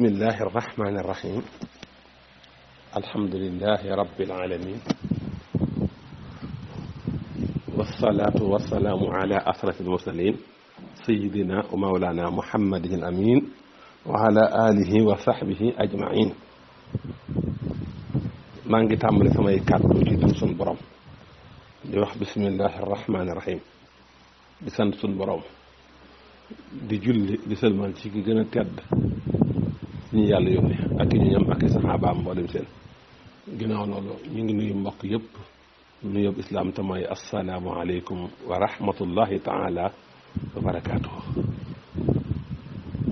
بسم الله الرحمن الرحيم الحمد لله رب العالمين والصلاة والسلام على أشرف المرسلين سيدنا ومولانا محمد الأمين وعلى آله وصحبه أجمعين maa ngi tàmbali samay kàddu ci dem suñ borom di wax bismillahi rahmaani rahim di sant suñ borom di julli di sëlmal ci ki gën a tedd ci ñu yàlla yónni ak i ñu ñam ak i saxaabaam mboolem seen ginnaaw loolu ñu ngi nuyu mbokk yëpp nuyu yóbbu islaam te mooy assalaamu aleykum wa rahmatullahi taala wa barakaatu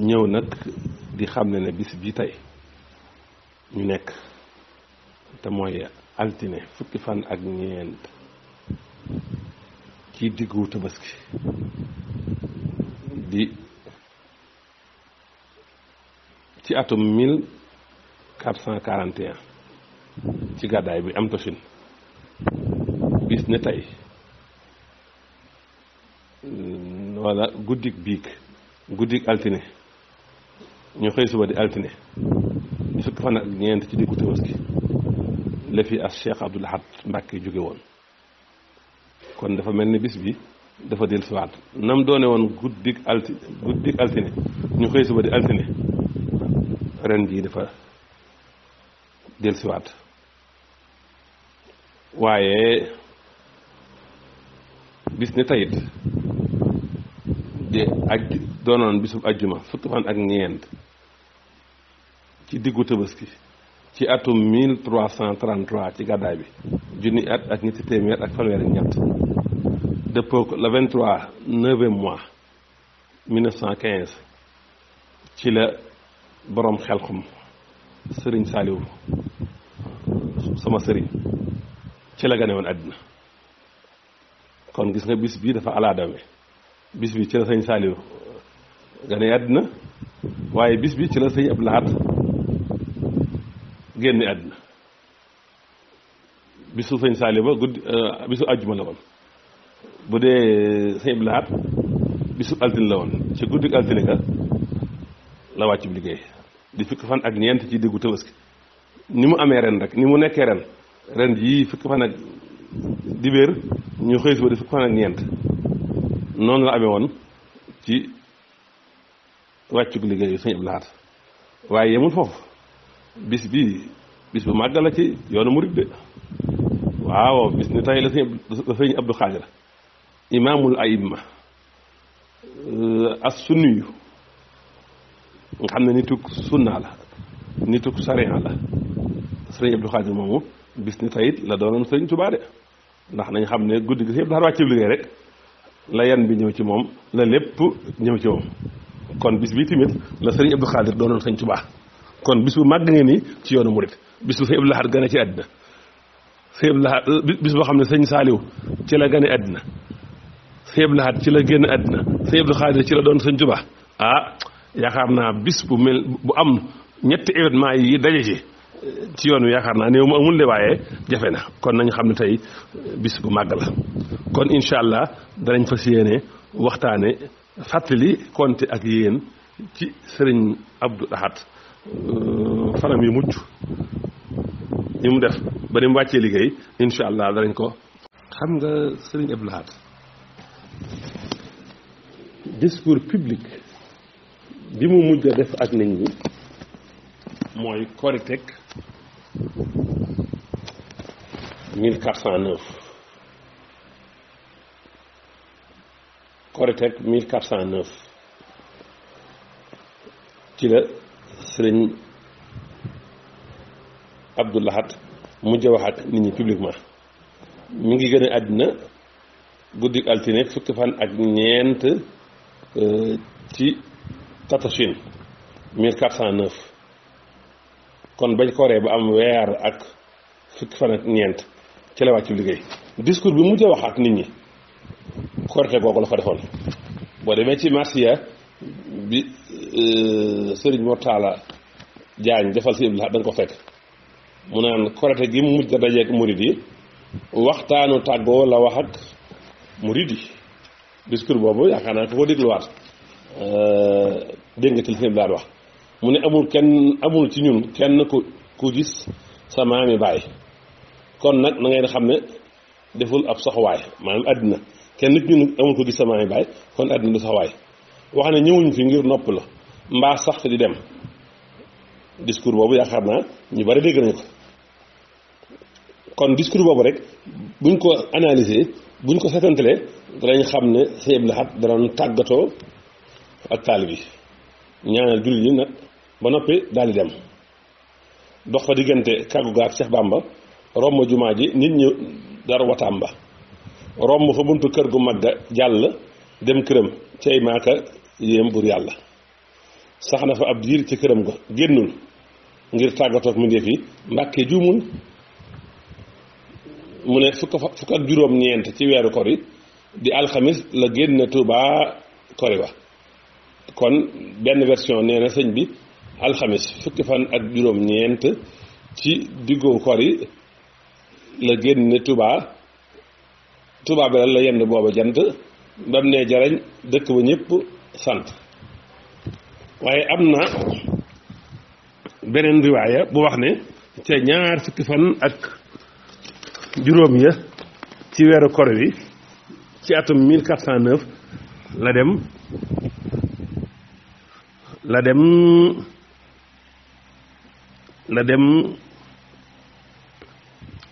ñëw nag di xam ne ne bis bi tey ñu nekk te mooy altine fukki fan ak ñeent ci diggu tabaski di ci atum mil quatre cent quarante et ci gàddaay bi am tosin bis ne tey walla guddik biig guddik altine ñu xëy suba di altine di fukki fan ak ñeent ci diggu Tabaski la fi as Cheikh Abdoul Ahad Mbàkke jóge woon kon dafa mel ni bis bi dafa dellusiwaat nam doone woon guddik altine guddik altine ñu xëy suba di altine ren jii dafa dellusiwaat waaye bis ne tayit di aj doonoon bisub ajjuma fukki fan ak ñeent ci diggu tabaski ci atum 1333 ci gàddaay bi junni at ak ñetti téeméer ak fanweer ak dëppoo ko le 23 neuvième mois ci la boroom xelxum sëriñ Saaliw sama sëriñ ci la gane woon àddina kon gis nga bis bii dafa alaadawe bis bi ci la sëñ Saaliw gane àddina waaye bis bi ci la sëñ Abdu Lahat génne àddina bisu sëñ Saaliw ba guddi euh, bisu àjjuma la woon bu dee sëñ Abdu Lahat bisu altine la woon ci guddi altine ka la bi liggéey di fukki fan ak ñeent ci diggu tabaski ni mu amee ren rek ni mu nekkee ren ren yi fukki fan ak dibéer ñu xëy suba di fukki fan ak ñeent noonu la amee woon ci wàccug liggéey sëñ Abdou Lahad waaye yemul foofu bis bii bis bu màgg la ci yoonu murid de waaw bis ni tey la sëñ la sëñ Abdou Xaadir imaamul ayimma euh, as sunniyu nga xam ne nituk sunna la nituk sariya la sëriñ Abdou Khadir moomu bis ni tayit la doonoon sañ Tuubaa de ndax nañ xam ne guddi gi si yëpp daal wàcc liggéey rek la yan bi ñëw ci moom la lépp ñëw ci moom kon bis bi tamit la sëriñ Abdou Khadir doonoon sëriñ Tuubaa kon bis bu màgg ngeen ni ci yoonu murit bis bu sëriñ Abdou Lahad gane ci àddina sëriñ Abdou Lahad boo xam ne sëriñ Saaliw ci la àddina sëriñ Abdou ci la génn àddina sëriñ ci la doon sëriñ Tuubaa ah yaakaar naa bis bu mel bu am ñetti événement yi daje ci ci yoon wi yaakaar naa néew mu amul ne waaye jafe na kon nañu xam ne tey bis bu màgg la kon incha allah danañ fas yéene waxtaane fàttali konte ak yéen ci sëriñ Abdou Ahad euh, fanam yu mujj ñu mu def ba ni mu wàccee liggéey incha allah danañ ko xam nga sëriñ Abdou Ahad discours public bi mu mujj a def ak nit ñi mooy Koriteg ci la sëriñ Abdou Lahat mujj wax ak nit ñi publiquement mi ngi gën a àddina guddik altine fukki fan ak ñeent euh, ci Tatachine 1409 kon bañ ko waree ba am weer ak fukki fan ak ñeent ci la liggéey discours bi mujj a wax ak nit ñi korite googu la ko defoon boo demee ci marsiya bi euh, Sëriñ Mortala Jaañ defal si Ibrahima da nga ko fekk mu naan korite gi mu mujj a dajeeg murid yi waxtaanu tàggoo la wax ak murid yi discours boobu yaakaar naa ko ko dégluwaat Euh, dégg nga ci daan wax ne amul kenn amul ci ñun kenn ku ku gis sa baay kon nag na xam ne deful ab soxwaay maanaam àddina kenn nit ñun amul ko gis baay kon àddina du soxwaay wax ne ñëwuñ fi ngir nopp la mbaa sax di dem discours boobu yaakaar naa ñu bari dégg nañu ko kon discours boobu rek buñ ko analyser buñ ko setantalee danañ xam ne Sëñ Abdou Lahad danañ tàggatoo ak bi ñaanal jullit yi nag ba noppi daal di dem dox fa diggante kàggu ga ak Cheikh Bamba romb jumaa ji nit ñi dara wataam ba romb fa buntu kër gu mag jàll dem këram cey maaka yéem bur yàlla sax na fa ab diir ci këram ga génnul ngir tàggatoog mu ndeef yi mbàkke juumul mu ne fukk fukk ak juróom ñeent ci weeru kori di alxamis la génn Tuubaa kori wa kon benn version nee na bi alxamis fukki fan ak juróom-ñeent ci diggu kor yi la génne Touba Touba bi la yend booba jant bam ne jarañ dëkk ba ñëpp sant waaye am na beneen riwaaya bu wax ne ca ñaar fukki fan ak juróom ya ci weeru kor wi ci atum 1409 la dem la dem la dem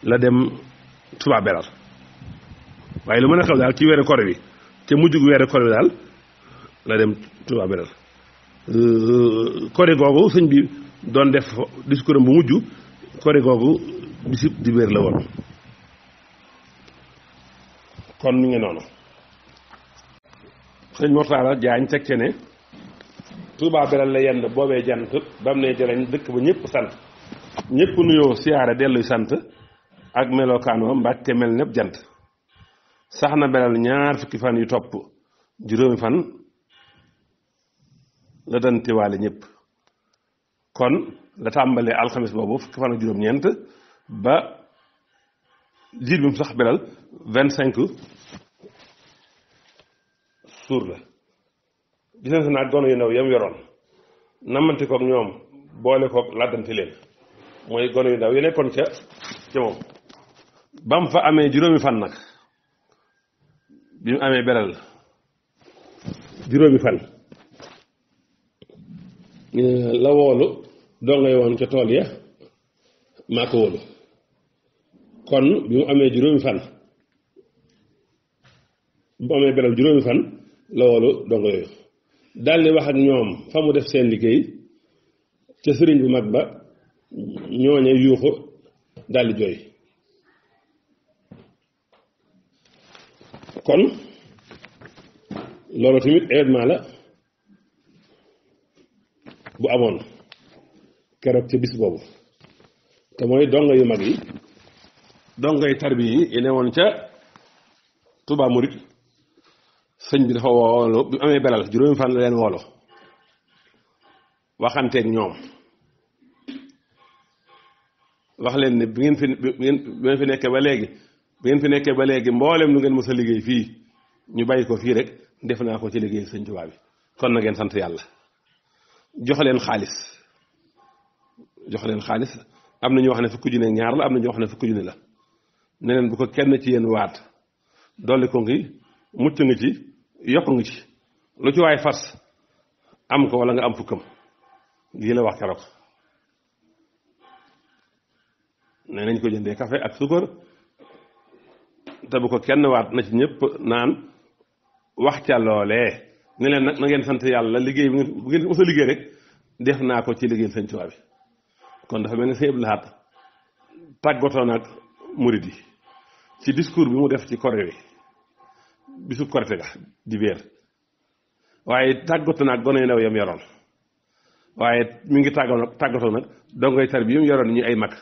la dem Touba waaye lu mën a xew daal ci weeru koor bi te mujjug weeru koor bi daal la dem Touba Belal euh, koor googu sëñ bi doon def discours bu mujj koor googu bisib di wér la woon kon mi ngi noonu sëñ Mortala Jaañ teg ne Touba Belel la yenn boobee jant ba mu ne jëlañ dëkk ba ñëpp sant ñëpp nuyoo siyaare delluy sant ak melokaanoo Mbàkke mel népp jant sax na Belel ñaar fukki fan yu topp juróomi fan la dantiwaale ñëpp kon la tàmbalee alxames boobu fukki fan juróom-ñeent ba diir bi mu sax Belel vingt cinq suur la gisante naa gone yu ndaw yam yoroon namanti koog ñoom boole koog làddanti leen mooy gone yu ndaw yu nekkoon ca ca moom ba fa amee juróomi fan nag bi amee beral juróomi fan la woolu doo ngay woon tool ya maa ko woolu kon bi mu amee juróomi juróomi fan la woolu doo nga yooyu daal di wax ñoom fa mu def seen liggéey ca sëriñ bu mag ba ñooñe yuuxu daal jooy kon loolu tamit événement la bu amoon keroog ca bis boobu te mooy donga yu mag yi dongay tarbi yi yi newoon ca Touba Mouride sëñ bi dafa woolu bi amee belal juróomi fan la leen woolu waxanteeg ñoom wax leen ne bi ngeen fi bi ngeen fi nekkee ba léegi bi ngeen fi nekkee ba léegi mboolem lu ngeen mës a liggéey fii ñu bàyyi ko fii rek def naa ko ci liggéey sëñ Tuubaa bi kon na ngeen sant yàlla jox leen xaalis jox leen xaalis am na ñu wax ne fukki junne ñaar la am na ñu wax ne fukki junne la ne leen bu ko kenn ci yéen waat dolli ko ngi mucc nga ci yokku nga ci lu ci fas am ko wala nga am fukkam lii la wax keroog ne nañ ko jëndee café ak suukar te bu ko kenn waat na ci ñëpp naan wax ca loolee ne leen nag na ngeen sant yàlla liggéey bi bu ngeen mos liggéey rek def naa ko ci liggéey Sëñ Tuubaa bi kon dafa mel ni Sëñ Abdou Lahad tàggatoo nag yi ci discours bi mu def ci koré wi bisub korite ga di béer waaye tàggatu naag gone yu yam yoroon waaye mi ngi tàggoo tàggatoo nag dongoy tar bi yam yoroon ñu ay mag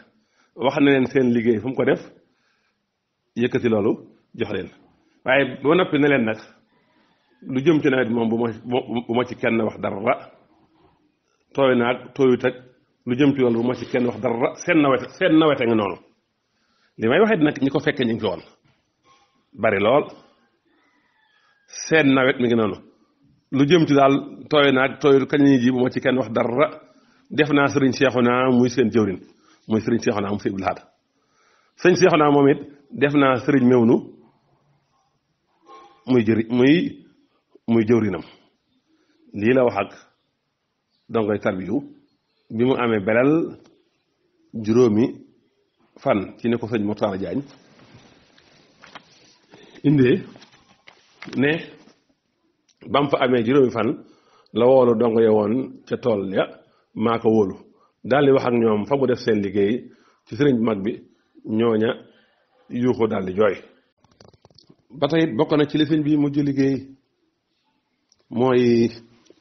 wax na leen seen liggéey fu mu ko def yëkkati loolu jox leen waaye ba noppi na leen nag lu jëm ci nawet moom bu ma bu ma ci kenn wax dara tooy naag tooyut ak lu jëm ci loolu bu ma ci kenn wax dara seen nawet seen nawet a ngi noonu li may waxee nag ñi ko fekkee ñu ngi fi woon bari lool seen nawet mi ngi noonu lu jëm ci daal tooy naag tooyul kañ lañuy ji bu ma ci kenn wax dara def naa sëriñ naa muy seen jëwrin muy sëriñ Seexuna mu Sëriñ Abdul sëñ sëriñ naa moom it def naa sëriñ Mewnu muy jëri muy muy jëwrinam lii la wax ak dongoy tarbiyu bi mu amee belal juróomi fan ci ne ko sëñ Moxtaar Jaañ indee ne bam mu fa amee juróomi fan la woolu dong ya woon ca tool ya maa ko wóolu daal di wax ak ñoom fa mu def seen liggéey ci sëriñ bu mag bi ñooña yuuxu daldi di jooy ba tey bokk na ci li sëñ bi mujj liggéey mooy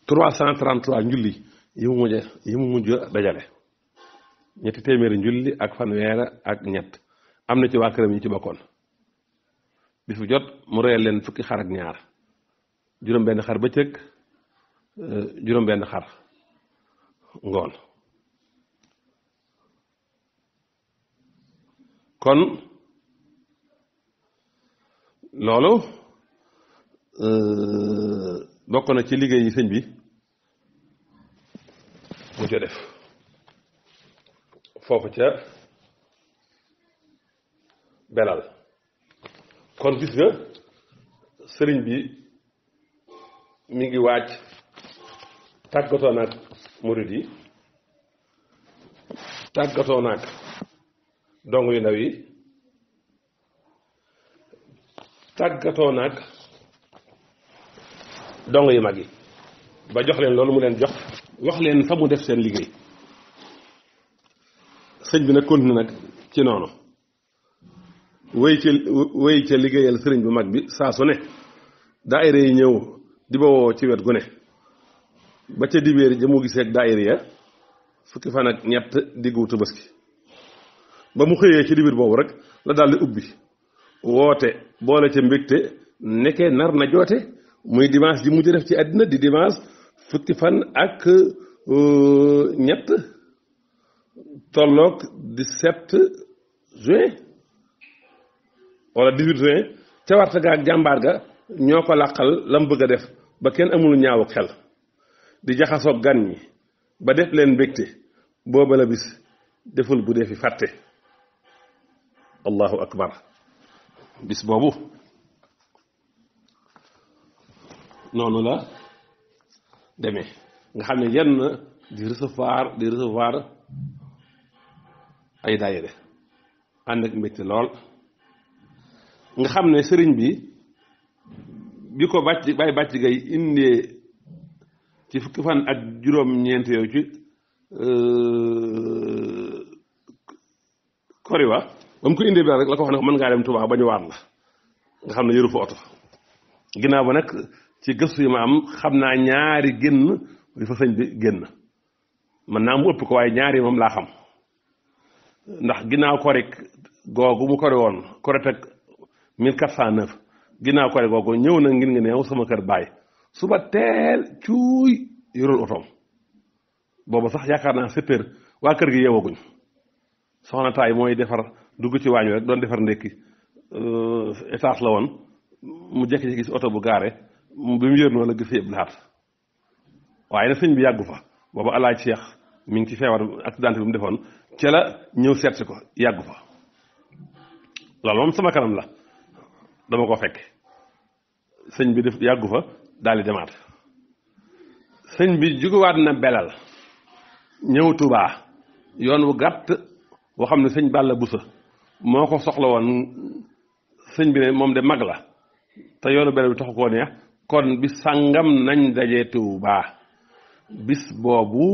trois cent trente trois njulli yi mu mujj yi mu mujj dajale ñetti téeméeri njulli ak fanweer ak ñett am na ci waa këram yi ci bokkoon bis bu jot mu reyal leen fukki xar ak ñaar juróom benn xar bëccëg euh, juróom benn xar ngoon kon loolu euh, bokk na ci liggéey yi sëñ bi mu co def foofu ca belal kon gis nga sëriñ bi mi ngi waaj tàggatoo naag murid yi tàggatoo naag dong yu ndaw yi tàggatoo naag dong yu mag yi ba jox leen loolu mu leen jox wax leen fa def seen liggéey sëñ bi nag continue nag ci noonu wéy ca wéy liggéeyal sëriñ bu mag bi saa su ne daayira yi ñëw di ma woo ci wet gu ne ba ca dibéer ja mu gisee ak daayira ya fukki fan ak ñett diggu tabaski ba mu xëyee ci dibéer boobu rek la daal di ubbi woote boole ca mbégte nekkee nar na joote muy dimanche ji mujj def ci àddina di dimanche fukki fan ak euh, ñett tolloog 17 juin wala 18 juin cawarta ga ak jàmbaar ga ñoo ko làqal lam bëgg def ba kenn amul ñaawu xel di jaxasoog gan ñi ba def leen mbégte booba la bis deful bu dee fi fàtte allahu akbar bis boobu noonu la deme nga xam ne yenn di recevoir di recevoir ay daayira ànd ak mbégte lool nga xam ne sëriñ bi bi ko bàcc bay bàcc gay indee ci fukki fan ak juróom-ñeent yooyu ci euh, koriwa ba mu ko indee bi rek la ko wax ne ko mën ngaa dem Tuubaa ba ñu la nga xam ne yëru fa oto ginnaaw ba nag ci gëstu yi ma am xam naa ñaari génn yu fa sëñ bi génn mën naa mu ëpp ko waaye ñaari moom laa xam ndax ginnaaw korik googu mu kori woon korit mil 1409 ginnaaw kore googu ñëw na ngir nga neew sama kër bàyyi suba teel cuuy yorul otoom boobu sax yaakaar naa sept waa kër gi yeewaguñ soxna taay mooy defar dugg ci waañ rek doon defar ndekki euh, étage la woon mu jékki-jékki si oto bu gaare bi mu yër la gis yëpp laat waaye na sëñ bi yàggu fa boobu alaaj Cheikh mi ngi ci feebar accident bi mu defoon ca la ñëw seet si ko yàggu fa loolu moom sama kanam la dama ko fekk sëñ bi def yàggu fa daal di demaat sëñ bi jugewaat na belal ñëw tubaa yoon wu gàtt boo xam ne sëñ Balla Busa moo ko soxla woon sëñ bi ne moom de mag la te yoonu belal bi taxu koo neex kon bi sàngam nañ dajee tubaa bis boobu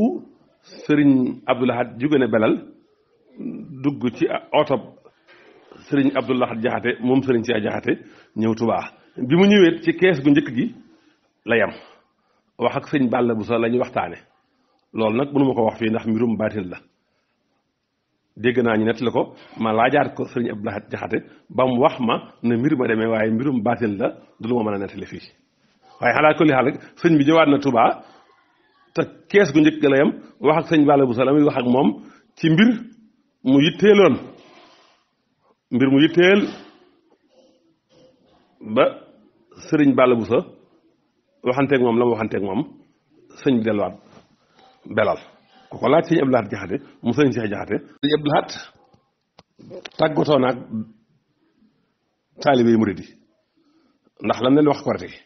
sëriñ Abdoul Ahad na belal dugg ci oto sëriñ Abdou Lahad Jaxate moom sëriñ Cheikh Jaxate ñëw tubaa bi mu ñëwee ci kees gu njëkk gi la yam wax ak sëñ Balla Bousso la ñuy waxtaane loolu nag mënu ko wax fii ndax mbirum baatil la dégg naa nett la ko ma laajaat ko sëriñ Abdou ba mu wax ma ne mbir ma demee waaye mbirum baatil la du mën a nettali fii waaye xalaat ko sëñ bi ñëwaat na Touba te kees gu njëkk gi sëñ Balla Bousso la muy wax ak moom ci mbir mu yitteeloon mbir mu yitteel ba sëriñ Balla Bousso waxanteeg moom la mu waxanteeg moom sëñ bi delluwaat belal ku ko laaj sëñ Abdou Jaxate mu sëñ Cheikh Jaxate sëñ Abdou Lahad tàggatoo naag taalibe yi murid yi ndax lam leen wax korite gi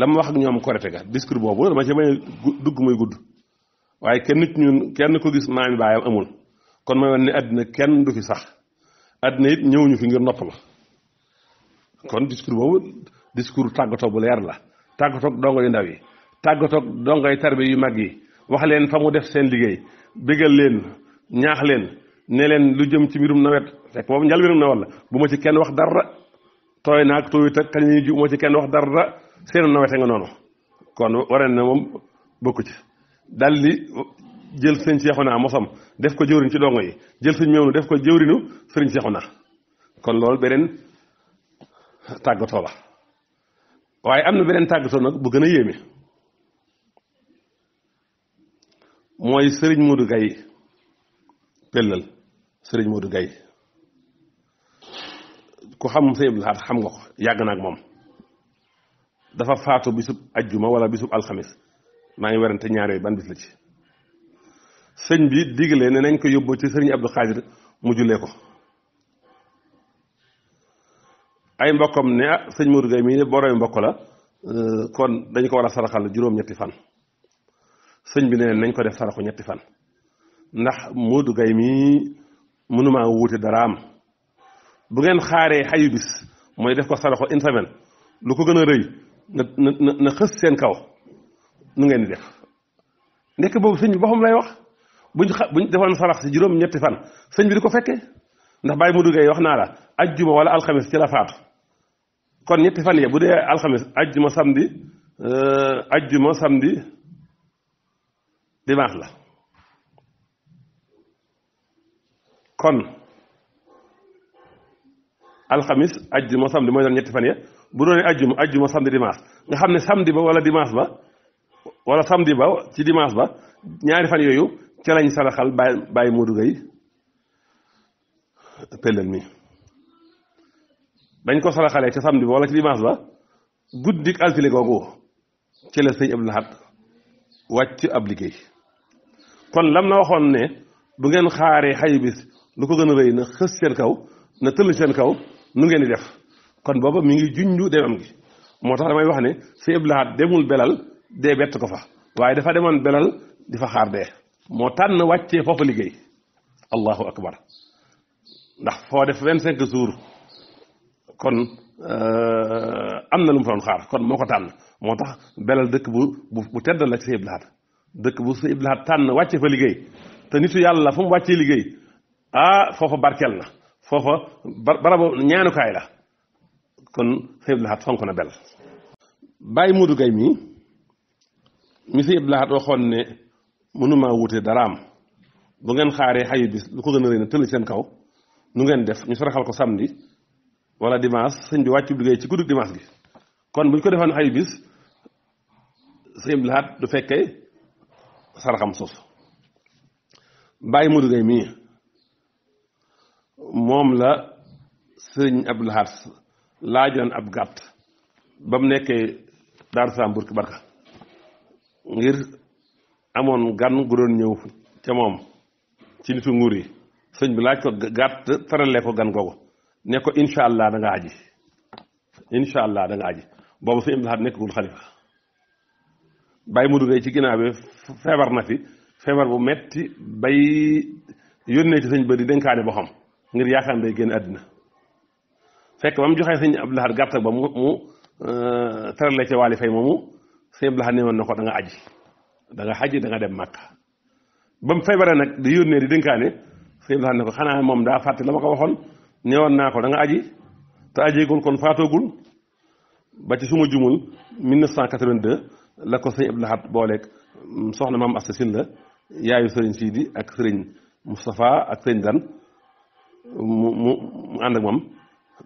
lam wax ak ñoom korite ga discours boobu dama ci may dugg muy gudd waaye kenn ci ñun kenn ko gis maami baayam amul kon mooy wan ne àddina kenn du fi sax àddina it ñëwuñu fi ngir nopp la kon discours boobu discours tàggatoo bu leer la tàggatoog dongo yu ndaw yi tàggatoo dongo yi tarbi yu mag yi wax leen fa mu def seen liggéey bégal leen ñaax leen ne leen lu jëm ci mbirum nawet fekk boobu njëlbéerum nawet la bu ma ci kenn wax dara tooy naag tooyut ak kañ la ñuy ji bu ma ci kenn wax dara seenu nawet nga noonu kon waree na moom bokku ci daldi jël sëñ Seexuna mosam def ko jëwriñ ci dongo yi jël sëñ Meewnu def ko jëwriñu sëriñ Seexuna kon loolu beneen tàggatoo la waaye am na beneen tàggatoo nag bu gën a yéeme mooy sëriñ Modou gay pellal sëriñ Modou gay ku xam sëñ Abdou xam nga ko yàgg naa ak moom dafa faatu bisub ajjuma wala bisub alxamis maa ngi werante ñaar yooyu ban bis la ci sëñ bi digle ne nañ ko yóbbu ci sëriñ Abdou Khadir mu jullee ko ay mbokkam ne ah sëñ Modou Gueye mii ne boroomi mbokk la euh, kon dañ ko war a saraxal juróom-ñetti fan sëñ bi ne nañ ko def saraxu ñetti fan ndax Modou Gueye mii mënuma dara am bu ngeen xaaree xayu bis mooy def ko saraxu une lu ko gën a rëy na na na xës seen kaw nu ngeen di def ndekk boobu sëñ bi boppam lay wax buñ xa buñ defoon sarax si juróom ñetti fan sëñ bi di ko fekkee ndax bàyyi mu duggee wax naa la ajjuma wala alxames ci la faatu kon ñetti fan ya bu dee alxames ajjuma samedi euh, ajjuma samedi dimanche la kon alxamis ajjuma samedi mooy doon ñetti fan bu doonee ajjuma ajjuma samedi nga xam ne samedi ba wala dimanche ba wala samedi ba ci dimanche ba ñaari fan yooyu ca lañ saraxal bàyyi bàyyi Modou Gueye pellel mi dañ ko saraxalee ca samedi ba wala ci dimanche ba guddik altine googu ci la sëñ Abdou wàcc ab liggéey kon lam na waxoon ne bu ngeen xaaree xay bis lu ko gën a rëy na xës seen kaw na tëll seen kaw nu ngeen di def kon booba mu ngi junju demam gi moo tax damay wax ne sëñ Abdou Lahad demul belal dee bett ko fa waaye dafa demoon belal di fa xaar dee moo tànn wàccee foofu liggéey allahu akbar ndax foo def vingt cinq jours kon euh, am na lu mu fa doon xaar kon moo ko tànn moo tax belal dëkk bu bu tedd la sa iblaat dëkk bu sa iblaat tànn wàcce fa liggéey te nitu yàlla fu mu wàccee liggéey ah foofa barkeel na foofa barabu ñaanukaay la kon sa iblaat fonk na bel bàyyi muudu gay mii mi sa iblaat waxoon ne mënumaa wute dara am bu ngeen xaaree xayu bis lu ko gën a rëy na seen kaw nu ngeen def ñu saraxal ko samedi wala dimanche sëñ bi wàccu liggéey ci guddi dimanche gi kon bu ñu ko defaan xayu bis sëñ bi laat du fekkee saraxam sos bàyyi mu duggee mii moom la sëñ ab Abdul Ahad laajoon ab gàtt ba mu nekkee Daaru Salaam Burki Barka ngir amoon gan gu ñëw ca moom ci nitu nguur yi sëñ bi laaj ko gàtt taralee ko gan googu ne ko incha allah da nga aji incha allah danga nga aji boobu sëñ Abdul Ahad nekkagul ci ginnaaw bi feebar na fi feebar bu metti bay yónnee ci sëñ ba di dénkaane boo xam ngir yaakaar day génn àddina fekk ba mu joxee sëñ Abdul Ahad ba mu mu euh, taralee ca waali fay moomu ne woon na ko da nga aji da nga xaj da nga dem màkk ba mu feebaree nag di yónnee di dénkaane sëñ bi ne ko xanaa moom daa fàtte la ma ko waxoon ñëwoon naa ko da nga aji te ajeegul kon faatoogul ba ci suma jumul 1982 la ko mm, soxna maam Asta Sylla la yaayu sëriñ Sidi ak sëriñ Moustapha ak sëriñ Dan mu mu mu ànd ak moom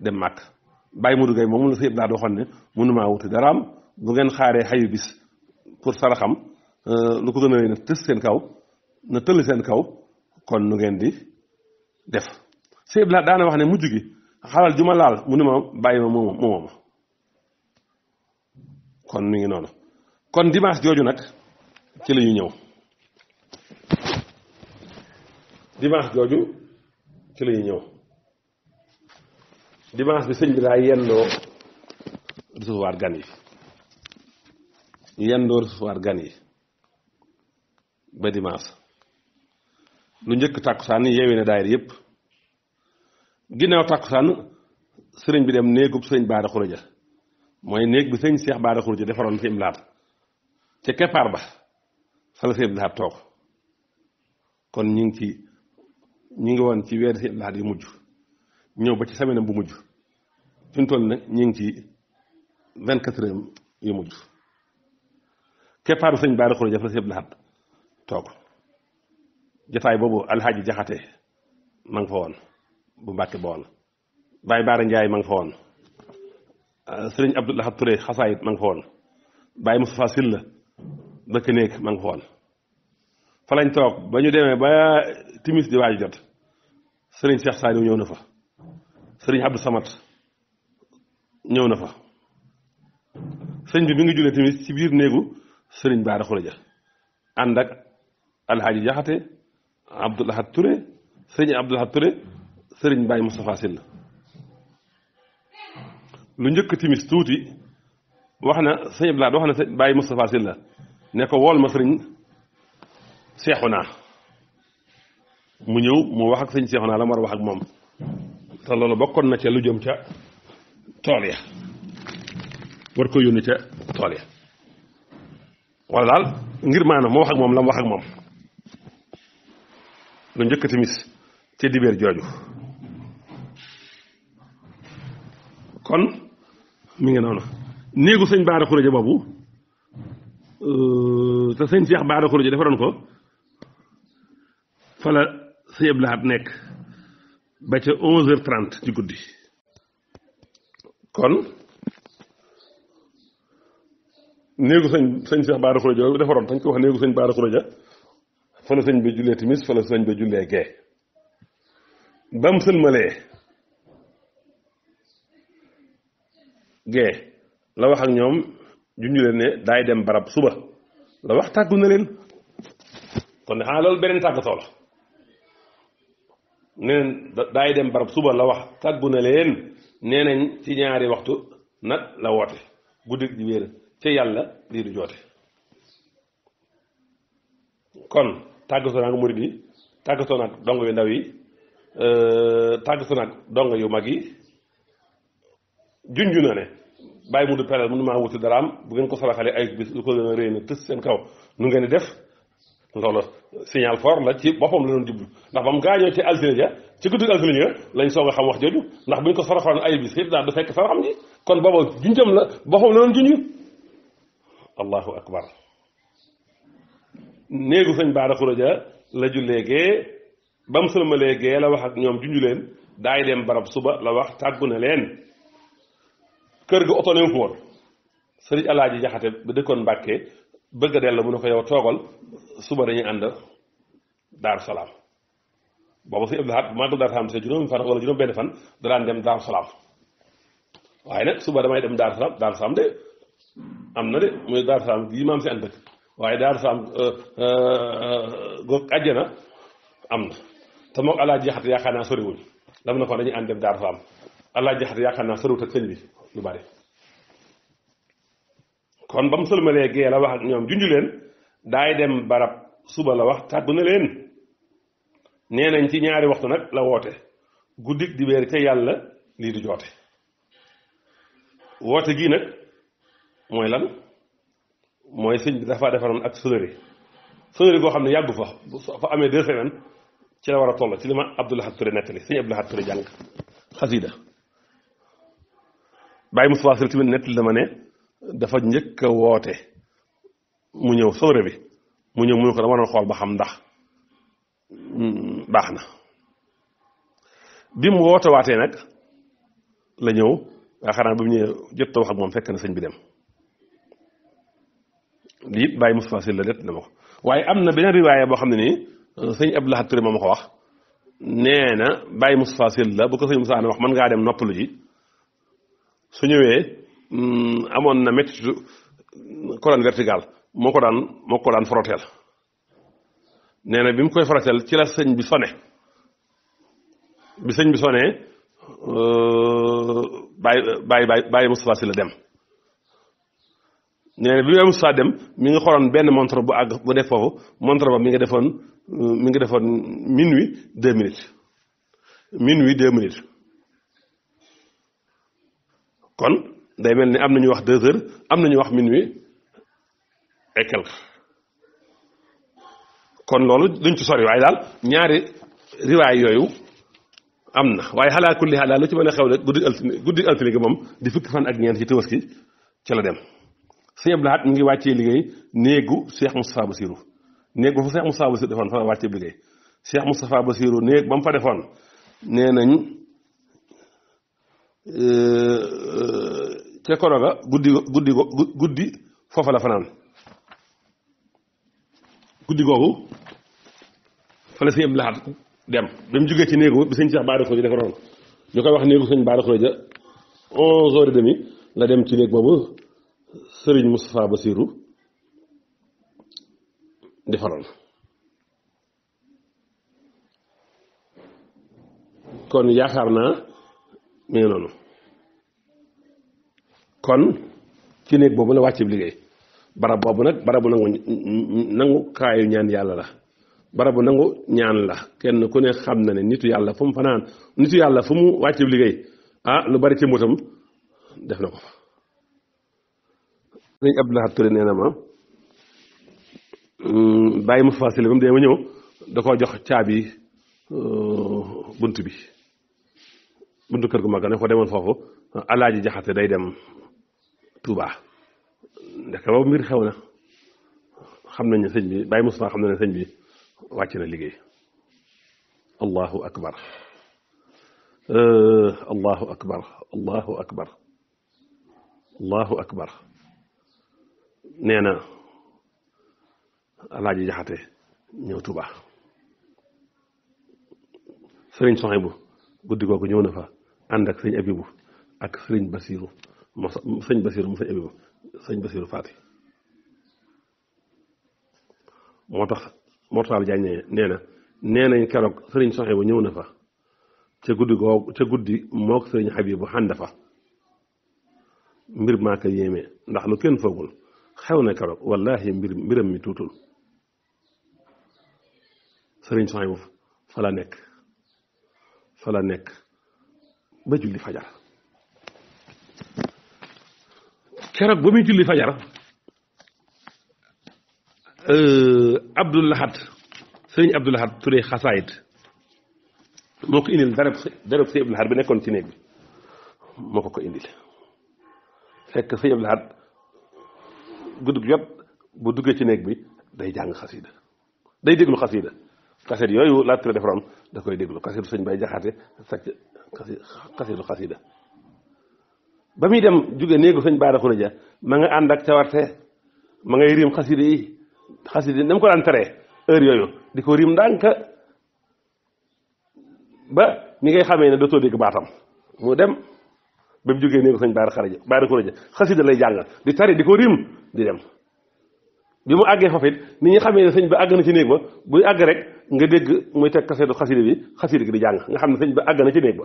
dem màkk bàyyi mu duggay moom la sëñ Abdou Lahad waxoon ne mënumaa wuti daraam bu ngeen xaaree xayu bis pour saraxam Euh, lu ko gën a tës seen kaw na tëll seen kaw kon nu ngeen di def sëñ bi daana wax ne mujj gi xalal ju ma laal mu ne ma bàyyi ma moom moom kon mi ngi noonu kon dimanche jooju nag ci la ñëw dimanche jooju ci la ñëw dimanche bi sëñ bi daa yendoo recevoir gan yi yendoo recevoir gan yi ba dimanche lu njëkk tàkkusaan yeewi na daayir yépp ginnaaw tàkkusaan sëriñ bi dem néegub sëriñ baara xuruja mooy néeg bi sëriñ seex baara xuruja defaroon fi imlaat ca keppaar ba fa la sëriñ laat toog kon ñu ngi ci ñu ngi woon ci weer sëriñ laat yu mujj ñëw ba ci semaine bu mujj fi mu toll nag ñu ngi ci vingt-quatrième yu mujj keppaaru sëriñ baara xuruja fa la sëriñ laat toog jataay boobu alxaaji jaxate ma nga fa woon bu mbàkke bool Baye Baara Ndiaye ma nga fa woon ah, sëriñ Abdou Lahad Touré xasaayit ma nga fa woon Baye Moustapha Sylla dëkk néeg ma fa woon fa toog ba ñu demee ba timis di waaju jot sëriñ Cheikh Saliou ñëw na fa sëriñ Abdou Samad ñëw na fa sëriñ bi mi ngi jullee timis ci biir néegu sëriñ Baara Xuraja ànd alhaaji jaxate abdul ahad ture sëriñ abdul ahad ture lu njëkk timis tuuti wax na sëñ Abdoulaye wax na sëñ Baye Moustapha Sylla ne ko wool ma sëriñ Seexuna mu ñëw mu wax ak sëñ Seexuna la mu war wax ak moom te loolu bokkoon na ca lu jëm ca tool ya war ko yónni ca tool ya wala daal ngir maanaam moo wax ak moom la mu wax ak moom la njëkk timis ci dibeer jooju kon mi ngi noonu néegu sëñ Baara Xuraja boobu euh, te sëñ Seex Baara Xuraja defaroon ko fala la sëñ nekk ba ca onze heures trente ci guddi kon néegu sëñ sëñ Seex Baara Xuraja defaroon dañ ko wax néegu sëñ Baara Xuraja fa la sëñ ba jullee timis fa la sëñ ba jullee gee ba sëlmalee gee la wax ak ñoom junj ne daay dem barab suba la wax tàggu na leen kon ne xanaa ah, loolu beneen tàggatoo la nee daay dem barab suba la wax tàggu na leen nee ci ñaari waxtu nag la woote guddig ji wéer ca yàlla lii du joote kon tàggatoo naag murid yi tàggatoo naag dong yu ndaw yi euh, tàggatoo naag dong yu mag yi junju na ne bàyyi mu du peral mënu maa wuti daraam bu ngeen ko saraxalee ay bis lu ko gën a réy na tës seen kaw nu ngeen di def loolu signal fort la ci boppam la doon jublu ndax ba gaañoo ci altine ja ci guddi altine ja lañ soog a xam wax jooju ndax buñ ko saraxoon ay bis it daal du fekk saraxam ji kon booba junjam la boppam la doon junj allahu akbar néegu sëñ Baara Xuraja la jullee gee ba mu ma gee la wax ak ñoom junju leen daay dem barab suba la wax tàggu na leen kër ga oto leen ko woon sëriñ Alaaji Jaxate ba dëkkoon Mbàkke bëgg a dellu mu ne ko suba dañuy ànd Daaru Salaam boobu si Abdou Lahad màggal Daaru Salaam see juróomi fan benn fan da daan dem Daaru Salaam waaye nag suba damay dem Daaru Salaam de am na de muy Daaru Salaam gii maam si ànd dëkk waaye daaru salaam euh, euh, goog àjjana am na te moog alaaji jaxate yaakaar naa soriwuñ lam na ko dañuy ànd dem daaru am alaaji jaxate yaakaar naa soriwut ak sëñ bi lu bari kon ba mu sëlmalee gee la wax ak ñoom junj leen daay dem barab suba la wax tàggu na leen nee nañ ci ñaari waxtu nag la woote guddik di ca yàlla lii du joote woote gii nag mooy lan mooy sëñ bi dafa defaroon ak solerie solerie boo xam ne yàggu fa fa amee deux semaines ci la war a toll ci li ma Abdou Lahad Touré nettali sëñ Abdou Lahad Touré jàng xasida bàyyi Moussa Sall tamit nettali dama ne dafa njëkk a woote mu ñëw solerie bi mu ñëw mu ne ko dama doon xool ba xam ndax mm, baax na bi mu woote waatee nag la ñëw waa xanaa bi mu ñëwee jot a ak moom fekk na sëñ bi dem. lii it bàyyi Moustapha Sylla def na ma ko waaye am na beneen riwaaya boo xam ne nii euh, sëñ Abdou Lahad Touré moom ma ko wax nee na bàyyi Moustapha Sylla bu ko sëñ Moustapha wax mën ngaa dem noppalu ji su ñëwee mm, amoon na méttitu colonne verticale moo ko daan moo ko daan foroteel nee na bi mu koy foroteel ci la sëñ bi sone bi sëñ bi sonee euh, bàyyi bàyyi bàyyi Moustapha la dem nee bi mu Moussa dem mi ngi xooloon benn montre bu àgg bu def foofu montre ba mi ngi defoon euh, mi ngi defoon minuit deux minutes minuit deux minutes kon day mel ni am na ñu wax deux heures am na ñu wax minuit ay quelque kon loolu duñ ci sori waaye daal ñaari riwaay yooyu am na waaye xalaa kulli xalaa lu ci mën a xew rek guddi altine guddi gi moom di fukki fan ak ñeent ci Tabaski ci la dem Sëñ Abdou Lahad mi ngi wàccee liggéey néegu seex Moustapha Bassirou néeg ba fa Cheikh Moustapha Bassirou defoon fa la wàccee liggéey Cheikh néeg ba mu fa defoon nee nañ euh, ca Koroga guddi guddi guddi foofa la fanaan guddi googu fa la Sëñ Abdou Lahad dem ba mu jógee ci néegu bi sëñ Cheikh Bara Khourédia defaroon ñu koy wax néegu sëñ Bara Khourédia onze heures et demie la dem ci néeg boobu sëriñ Moustapha Bassirou defaroon kon yaakaar naa mi kon ci néeg boobu la wàcce liggéey barab boobu nag barabu nangu nangu kaayu ñaan yàlla la barabu nangu ñaan la kenn ku ne xam na ne nitu yàlla fu mu fanaan nitu yàlla fu mu wàcce liggéey ah lu bari ci motam def na ko sëñ Abdoulaye Touré nee na ma mm, bàyyi ma fasile ba mu demee ma ñëw da koo jox caabi euh, bunt bi buntu kër gu mag ne ko demoon foofu alaaji jaxate day dem Touba ndeke boobu mbir xew na xam nañ ne sëñ bi Baye Moussa xam na ne sëñ bi wàcc na liggéey allahu akbar euh, allahu akbar allahu akbar allahu akbar nee na alaaji jaxate ñëw Tuuba sëriñ bu guddi googu ñëw na fa ànd ak sëñ Abibu ak sëriñ Basiiru mo sëñ Basiiru mu sëñ Abibu sëñ Basiiru Faati moo tax Mortaal Jaañ nee na nee nañ keroog sëriñ soxe bu ñëw na fa ca guddi googu ca guddi mook sëriñ Xabibu xànd fa mbir maa ko yéeme ndax lu kenn foogul xew na keroog wallahi mbir mbiram mi tuutul sëriñ soy fa la nekk fa la nekk ba julli fajar keroog ba muy julli fajar euh, Abdul Lahad sëriñ Abdul Lahad Touré xasaayit moo ko indil darab darab si Abdul Lahad bi nekkoon ci néeg bi moo ko ko indil fekk sëriñ Abdul Lahad guddug jot bu duggee ci néeg bi day jàng xasida day déglu xasida kaset yooyu laa turé defaroon da koy déglu kasetu sëñ bay jaxaate sacc kasetu xasida ba muy dem jóge néegu sëñ baara xuréja ma nga ànd ak cawarte ma ngay riim xasida yi xasida yi na mu ko daan teree heure yooyu di ko riim ndànk ba ni ngay xamee ne dootoo dégg baatam mu dem ba mu jógee néegu sëñ baara xaraja baara xaraja xasida lay jàng di tari di ko rim di dem bi mu àggee foofu it ni xamee ne sëñ ba àgg na ci néeg ba buy àgg rek nga dégg muy teg kaseetu xasida bi xasida gi di jàng nga xam ne sëñ ba àgg na ci néeg ba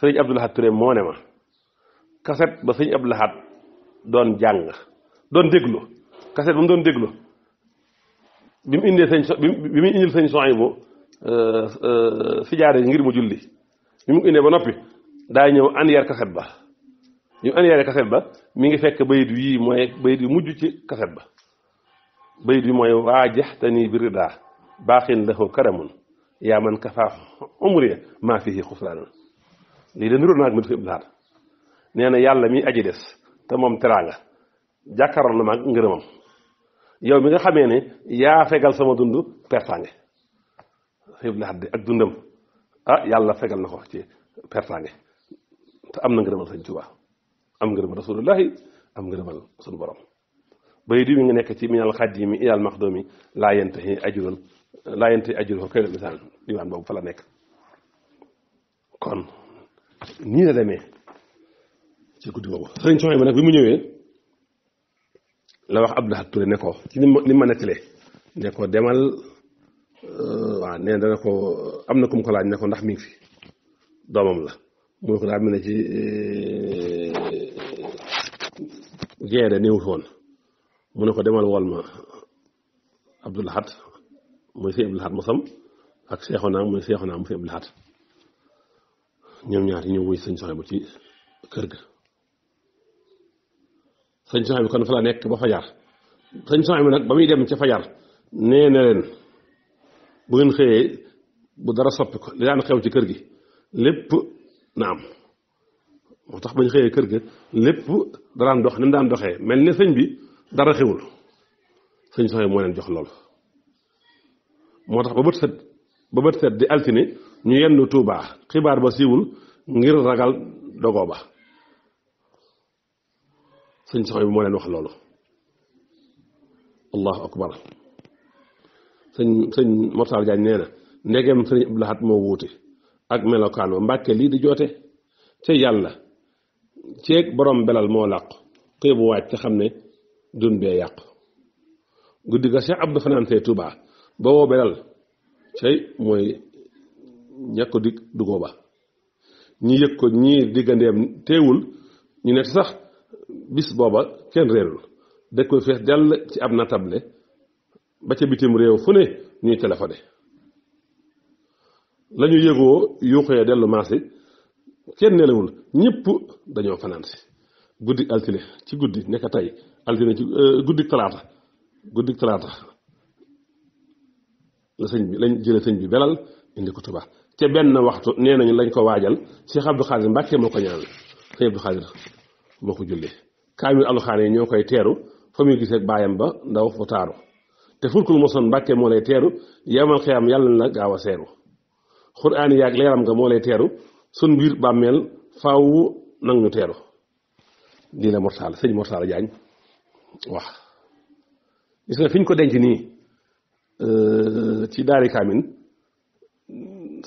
sëñ moo ne ma kaset ba sëñ Abdou doon jàng doon déglu kaset ba mu doon déglu bi mu indee sëñ so bi mu indil sëñ soxna euh, euh, yi bo si jaaree ngir mu julli bi mu indee ba noppi daa ñëw an yar kaset ba ñu an kaset ba mi ngi fekk bayit yii mooy bayit yu mujj ci kaset ba bayit yi mooy waa jaxtani bi ridaa baaxin lahu karamun yaa man kafaa umriya maa fihi xuflaanun lii de niroo naa ak ma def iblaat nee na yàlla mi aji des te moom teraanga jàkkaroon na ma ak ngërëmam yow mi nga xamee ne yaa fegal sama dund pertaange iblaat de ak dundam ah yàlla fegal na ko ci pertaange te am na ngërëmal sëñ Tuubaa am ngërëmal rasulullahi am ngërëmal suñu borom bay di nga nekk ci minal xadimi ilal maxdumi laa boobu fa la nekk kon nii la demee ci guddi boobu sëriñ Soxna bi nag bi mu ñëwee la wax Abdou Lahad Touré ne ko ci ni mu ma nettalee ne ko demal euh, waaw nee dana ko am na ku mu ko laaj ne ndax mi ngi fi doomam la moo ko daal mel ci geere eh, néewut woon mu ko demal wol ma Abdul Ahad muy si Abdul Ahad mosam ak Seexuna muy Seexuna mu si Abdul Ahad ñoom ñaar ñëw wuy sëñ soxna bu ci kër ga sëñ soxna bi kon fa la nekk ba fajar sëñ soxna bi nag ba muy dem ca fajar nee na leen bu ngeen xëyee bu dara soppi ko li daan xew ci kër gi lépp naam moo tax bañ xëyee kër gi lépp daraan dox ni mu daan doxee mel ni sëñ bi dara xewul sëñ soxee moo leen jox lool moo tax ba bët set ba bët set di altine ñu yenn Tuubaa xibaar ba siiwul ngir ragal dogoo ba sëñ soxee bi moo leen wax loolu allahu akbar sëñ sëñ Mortaal Jaañ nee na ndegem sëñ Abdul moo wuute ak melokaan wa mbàkke lii di joote te yàlla ceeg boroom belal moo làqu xëy bu waaj te xam ne dun bee yàqu guddi ga Cheikh Abdou fanaan fee Touba ba woo belal cey mooy ñàkk ko dig dugoo ba ñi yëg ko ñii diggandeem teewul ñu ne sax bis booba kenn réerul da koy fees dell ci ab natable ba ca bitim réew fu ne ñuy téléphoné la ñu yëgoo yuuxee dellu marché kenn nelawul ñépp dañoo fanaan si guddi altine ci guddi nekk tey altine ci euh, guddi talaata guddi talaata la sëñ bi lañ jële sëñ bi belal indi ko Tuubaa ca benn waxtu nee nañu lañ ko waajal Cheikh Abdou Khadir Mbacke moo ko ñaanal Cheikh Abdou Khadir moo ko jullee kaamil alxaan yi ñoo koy teeru fa muy gisee baayam ba ndaw fa taaru te fulkul mosoon Mbacke moo lay teeru yemal xiyam yàlla na gaaw a seeru xuraan yaag leeram nga moo lay teeru suñ biir bàmmeel faaw nang ñu teeru lii la mortaal sëñ mortaal jaañ wax gis nga fi ñu ko denc nii euh, ci daari kaamin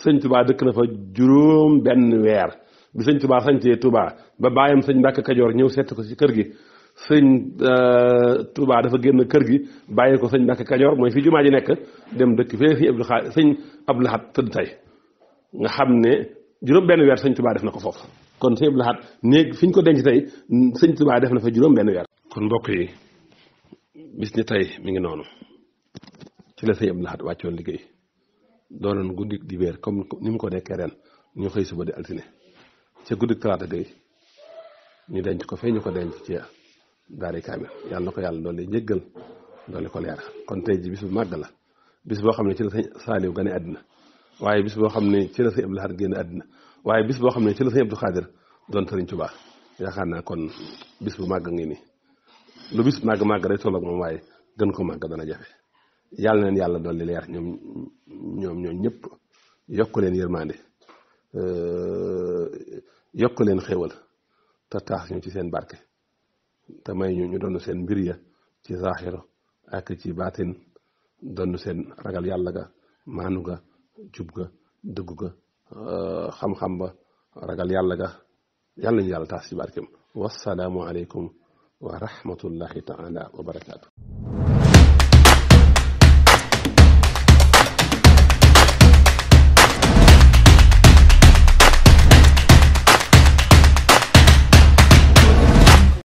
sëñ tubaa dëkk na fa juróom benn weer bi sëñ tubaa sañcee tubaa ba baayam sëñ mbàkk kajoor ñëw seet ko ci kër gi sëñ euh, tubaa dafa génn kër gi bàyyi ko sëñ mbàkk kajoor mooy fi jumaa ji nekk dem dëkk fee fi abdu xaar tëdd tey nga xam ne juróom benn weer sëñ Tuubaa def na ko foofu kon sëñ Abdou Lahad fi ñu ko denc tey sëñ Tuubaa def na fa juróom benn weer kon mbokk yi bis ni tey mi ngi noonu ci la sëñ Abdou Lahad wàccoon liggéey doonoon guddi di weer comme ni mu ko nekkee ren ñu xëy suba di altine ca guddi talaata day ñu ko fee ñu ko denc ci daari kaamil yàlla na ko yàlla doole njëggal doole ko leer kon tey ji bis bu màgg la bis boo xam ne ci la sëñ Saaliw gane àddina waaye bis boo xam ne ci la sëñ Abdou Lahad génn àddina waaye bis boo xam ne ci la sëñ Abdou Khadir doon sëriñ Tuubaa yaakaar naa kon bis bu màgg ngi nii lu bis màgg màgg day toll ak moom waaye gën ko màgg dana jafe yàlla na leen yàlla dolli leer ñoom ñoom ñoom ñëpp yokk leen yërmande euh, yokk leen xéewal te taax ñu ci seen barke te may ñu ñu doon seen mbir ya ci zaaxiru ak ci baatin doon seen ragal yàlla ga maanu ga jub ga dëggu ga euh, xam-xam ba ragal yàlla ga yàlla ñu yàlla taas ci barkeem wassalaamu aleykum wa rahmatullahi taala wa barakaatu